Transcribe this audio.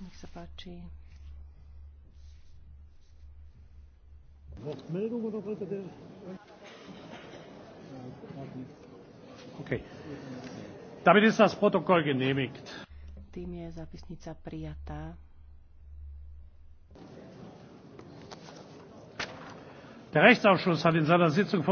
Nech sa páči. Damit ist das Protokoll genehmigt. Tým je zapisnica prijatá. Der Rechtsausschuss hat in seiner Sitzung